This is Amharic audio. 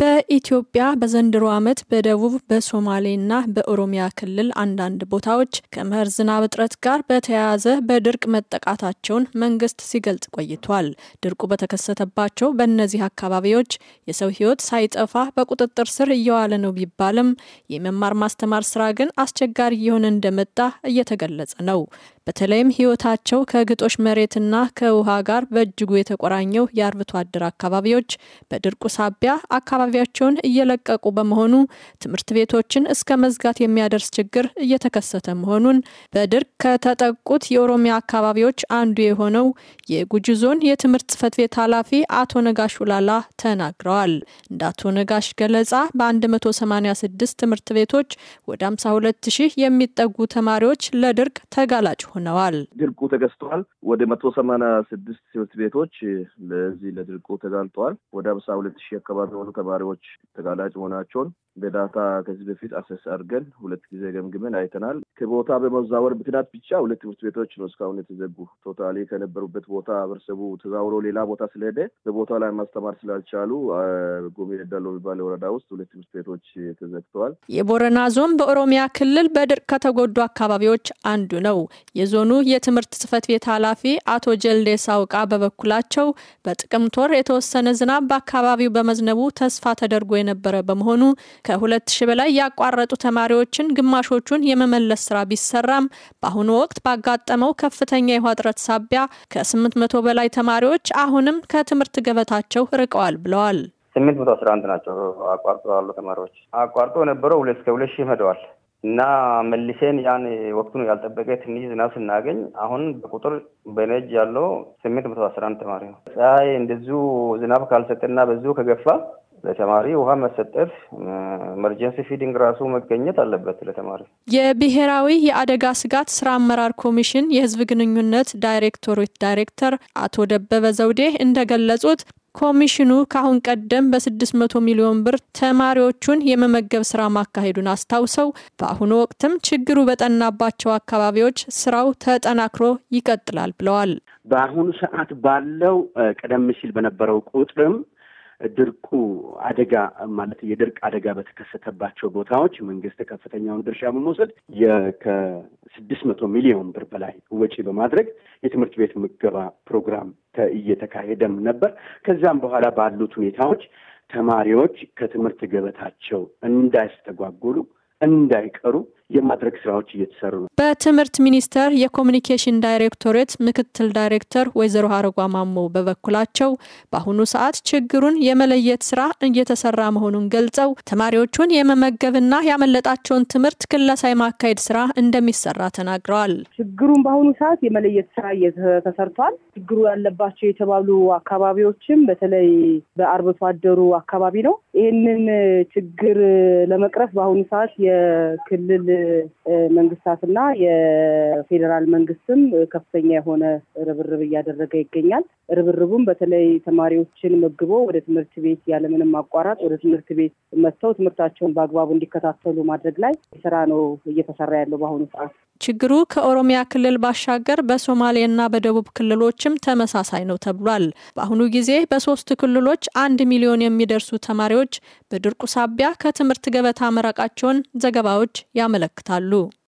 በኢትዮጵያ በዘንድሮ ዓመት በደቡብ በሶማሌና በኦሮሚያ ክልል አንዳንድ ቦታዎች ከመኸር ዝናብ እጥረት ጋር በተያያዘ በድርቅ መጠቃታቸውን መንግስት ሲገልጽ ቆይቷል። ድርቁ በተከሰተባቸው በእነዚህ አካባቢዎች የሰው ሕይወት ሳይጠፋ በቁጥጥር ስር እየዋለ ነው ቢባልም የመማር ማስተማር ስራ ግን አስቸጋሪ እየሆነ እንደመጣ እየተገለጸ ነው። በተለይም ሕይወታቸው ከግጦሽ መሬትና ከውሃ ጋር በእጅጉ የተቆራኘው የአርብቶ አደር አካባቢዎች በድርቁ ሳቢያ አካባቢ አካባቢያቸውን እየለቀቁ በመሆኑ ትምህርት ቤቶችን እስከ መዝጋት የሚያደርስ ችግር እየተከሰተ መሆኑን በድርቅ ከተጠቁት የኦሮሚያ አካባቢዎች አንዱ የሆነው የጉጂ ዞን የትምህርት ጽህፈት ቤት ኃላፊ አቶ ነጋሽ ውላላ ተናግረዋል። እንደ አቶ ነጋሽ ገለጻ በ186 ትምህርት ቤቶች ወደ 52 ሺህ የሚጠጉ ተማሪዎች ለድርቅ ተጋላጭ ሆነዋል። ድርቁ ተገዝተዋል። ወደ 186 ትምህርት ቤቶች ለዚህ ለድርቁ ተጋልጠዋል። ወደ 52 ሺህ አካባቢ የሆኑ ተባባሪዎች ተጋላጭ መሆናቸውን በዳታ ከዚህ በፊት አሰስ አድርገን ሁለት ጊዜ ገምግመን አይተናል። ከቦታ በመዛወር ምክንያት ብቻ ሁለት ትምህርት ቤቶች ነው እስካሁን የተዘጉ። ቶታሊ ከነበሩበት ቦታ ህብረተሰቡ ተዛውሮ ሌላ ቦታ ስለሄደ በቦታ ላይ ማስተማር ስላልቻሉ ጎሜ ደሎ የሚባለ ወረዳ ውስጥ ሁለት ትምህርት ቤቶች ተዘግተዋል። የቦረና ዞን በኦሮሚያ ክልል በድርቅ ከተጎዱ አካባቢዎች አንዱ ነው። የዞኑ የትምህርት ጽህፈት ቤት ኃላፊ አቶ ጀልዴ ሳውቃ በበኩላቸው በጥቅምት ወር የተወሰነ ዝናብ በአካባቢው በመዝነቡ ተስፋ ተስፋ ተደርጎ የነበረ በመሆኑ ከሁለት ሺ በላይ ያቋረጡ ተማሪዎችን ግማሾቹን የመመለስ ስራ ቢሰራም በአሁኑ ወቅት ባጋጠመው ከፍተኛ የውሃ እጥረት ሳቢያ ከስምንት መቶ በላይ ተማሪዎች አሁንም ከትምህርት ገበታቸው ርቀዋል ብለዋል። ስምንት መቶ አስራ አንድ ናቸው አቋርጦ ያሉ ተማሪዎች አቋርጦ የነበረው ሁለት እስከ ሁለት ሺህ መደዋል እና መልሴን ያን ወቅቱን ያልጠበቀ ትንሽ ዝናብ ስናገኝ አሁን በቁጥር በነጅ ያለው ስምንት መቶ አስራ አንድ ተማሪ ነው። ፀሐይ እንደዚሁ ዝናብ ካልሰጠና በዚሁ ከገፋ ለተማሪ ውሃ መሰጠት፣ ኤመርጀንሲ ፊዲንግ ራሱ መገኘት አለበት ለተማሪ። የብሔራዊ የአደጋ ስጋት ስራ አመራር ኮሚሽን የህዝብ ግንኙነት ዳይሬክቶሬት ዳይሬክተር አቶ ደበበ ዘውዴ እንደገለጹት ኮሚሽኑ ከአሁን ቀደም በ600 ሚሊዮን ብር ተማሪዎቹን የመመገብ ስራ ማካሄዱን አስታውሰው በአሁኑ ወቅትም ችግሩ በጠናባቸው አካባቢዎች ስራው ተጠናክሮ ይቀጥላል ብለዋል። በአሁኑ ሰዓት ባለው ቀደም ሲል በነበረው ቁጥርም ድርቁ አደጋ ማለት የድርቅ አደጋ በተከሰተባቸው ቦታዎች መንግስት ከፍተኛውን ድርሻ በመውሰድ ከስድስት መቶ ሚሊዮን ብር በላይ ወጪ በማድረግ የትምህርት ቤት ምገባ ፕሮግራም እየተካሄደም ነበር። ከዚያም በኋላ ባሉት ሁኔታዎች ተማሪዎች ከትምህርት ገበታቸው እንዳይስተጓጉሉ እንዳይቀሩ የማድረግ ስራዎች እየተሰሩ ነው። በትምህርት ሚኒስቴር የኮሚኒኬሽን ዳይሬክቶሬት ምክትል ዳይሬክተር ወይዘሮ አረጓ ማሞ በበኩላቸው በአሁኑ ሰዓት ችግሩን የመለየት ስራ እየተሰራ መሆኑን ገልጸው ተማሪዎቹን የመመገብና ያመለጣቸውን ትምህርት ክለሳ የማካሄድ ስራ እንደሚሰራ ተናግረዋል። ችግሩን በአሁኑ ሰዓት የመለየት ስራ ተሰርቷል። ችግሩ ያለባቸው የተባሉ አካባቢዎችም በተለይ በአርብቶ አደሩ አካባቢ ነው። ይህንን ችግር ለመቅረፍ በአሁኑ ሰዓት የክልል መንግስታትና የፌዴራል መንግስትም ከፍተኛ የሆነ ርብርብ እያደረገ ይገኛል። ርብርቡም በተለይ ተማሪዎችን መግቦ ወደ ትምህርት ቤት ያለምንም ማቋረጥ ወደ ትምህርት ቤት መጥተው ትምህርታቸውን በአግባቡ እንዲከታተሉ ማድረግ ላይ ስራ ነው እየተሰራ ያለው በአሁኑ ሰዓት። ችግሩ ከኦሮሚያ ክልል ባሻገር በሶማሌና በደቡብ ክልሎችም ተመሳሳይ ነው ተብሏል። በአሁኑ ጊዜ በሶስት ክልሎች አንድ ሚሊዮን የሚደርሱ ተማሪዎች በድርቁ ሳቢያ ከትምህርት ገበታ መራቃቸውን ዘገባዎች ያመለ ያመለክታሉ።